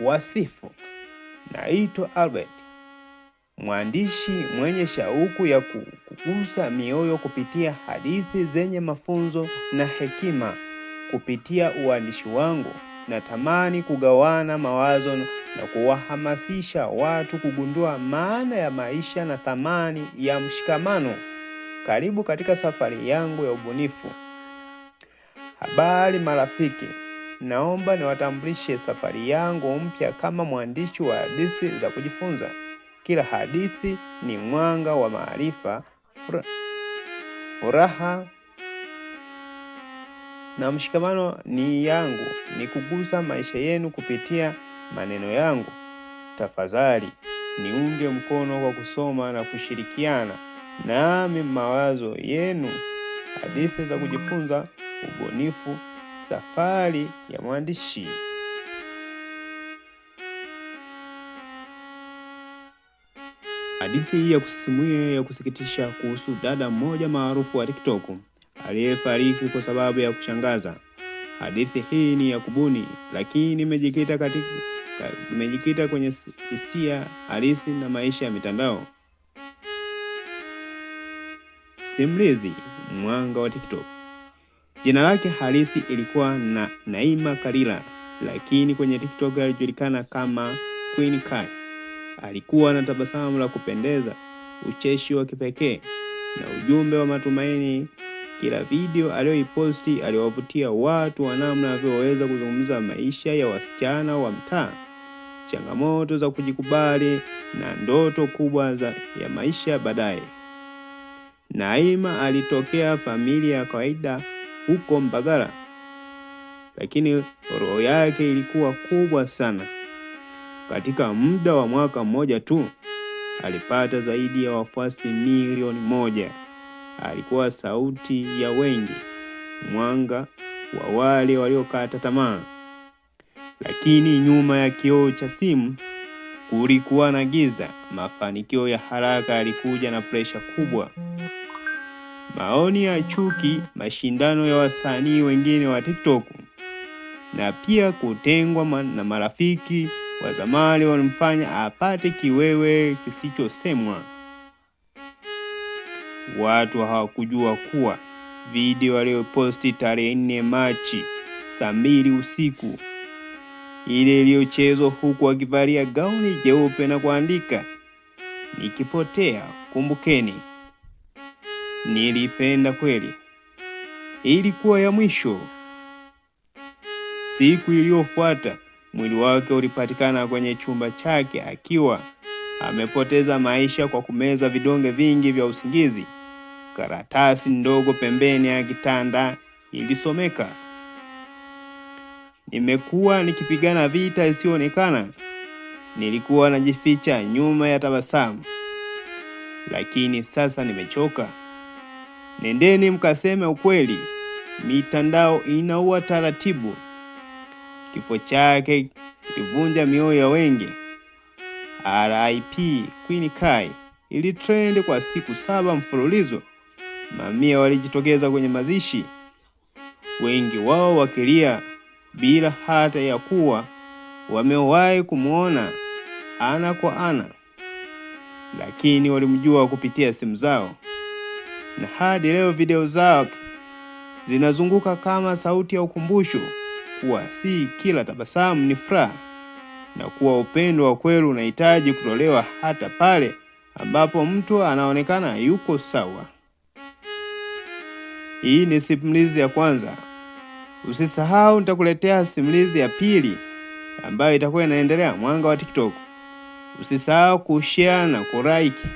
Wasifu. Naitwa Albert, mwandishi mwenye shauku ya kugusa mioyo kupitia hadithi zenye mafunzo na hekima. Kupitia uandishi wangu, natamani kugawana mawazo na kuwahamasisha watu kugundua maana ya maisha na thamani ya mshikamano. Karibu katika safari yangu ya ubunifu. Habari marafiki naomba niwatambulishe safari yangu mpya kama mwandishi wa hadithi za kujifunza. Kila hadithi ni mwanga wa maarifa, furaha na mshikamano ni yangu ni kugusa maisha yenu kupitia maneno yangu. Tafadhali niunge mkono kwa kusoma na kushirikiana nami mawazo yenu. Hadithi za kujifunza, ubunifu Safari ya Mwandishi. Hadithi ya kusisimua ya kusikitisha kuhusu dada mmoja maarufu wa TikTok aliyefariki kwa sababu ya kushangaza. Hadithi hii ni ya kubuni, lakini imejikita katika imejikita kwenye hisia halisi na maisha ya mitandao. Simulizi: mwanga wa TikTok. Jina lake halisi ilikuwa na Naima Kalila, lakini kwenye TikTok alijulikana kama Queen Kai. Alikuwa na tabasamu la kupendeza, ucheshi wa kipekee na ujumbe wa matumaini. Kila video aliyoiposti aliwavutia watu wa namna wanavyoweza kuzungumza maisha ya wasichana wa mtaa, changamoto za kujikubali na ndoto kubwa za ya maisha baadaye. Naima alitokea familia ya kawaida huko Mbagala, lakini roho yake ilikuwa kubwa sana. Katika muda wa mwaka mmoja tu alipata zaidi ya wafuasi milioni moja. Alikuwa sauti ya wengi, mwanga wa wale waliokata tamaa. Lakini nyuma ya kioo cha simu kulikuwa na giza. Mafanikio ya haraka yalikuja na presha kubwa maoni ya chuki, mashindano ya wasanii wengine wa TikTok na pia kutengwa na marafiki wa zamani walimfanya apate kiwewe kisichosemwa. Watu hawakujua kuwa video aliyoposti tarehe 4 Machi saa mbili usiku ile iliyochezwa huku akivalia gauni jeupe na kuandika nikipotea, kumbukeni Nilipenda kweli. Ilikuwa ya mwisho. Siku iliyofuata mwili wake ulipatikana kwenye chumba chake akiwa amepoteza maisha kwa kumeza vidonge vingi vya usingizi. Karatasi ndogo pembeni ya kitanda ilisomeka, nimekuwa nikipigana vita isiyoonekana. Nilikuwa najificha nyuma ya tabasamu, lakini sasa nimechoka. Nendeni mkaseme ukweli. Mitandao inaua taratibu. Kifo chake kilivunja mioyo ya wengi. RIP Queen Kai ilitrend kwa siku saba mfululizo. Mamia walijitokeza kwenye mazishi, wengi wao wakilia bila hata ya kuwa wamewahi kumwona ana kwa ana, lakini walimjua kupitia simu zao na hadi leo video zake zinazunguka kama sauti ya ukumbusho kuwa si kila tabasamu ni furaha na kuwa upendo wa kweli unahitaji kutolewa hata pale ambapo mtu anaonekana yuko sawa. Hii ni simulizi ya kwanza. Usisahau, nitakuletea simulizi ya pili ambayo itakuwa inaendelea Mwanga wa TikTok. Usisahau kushare na kulike.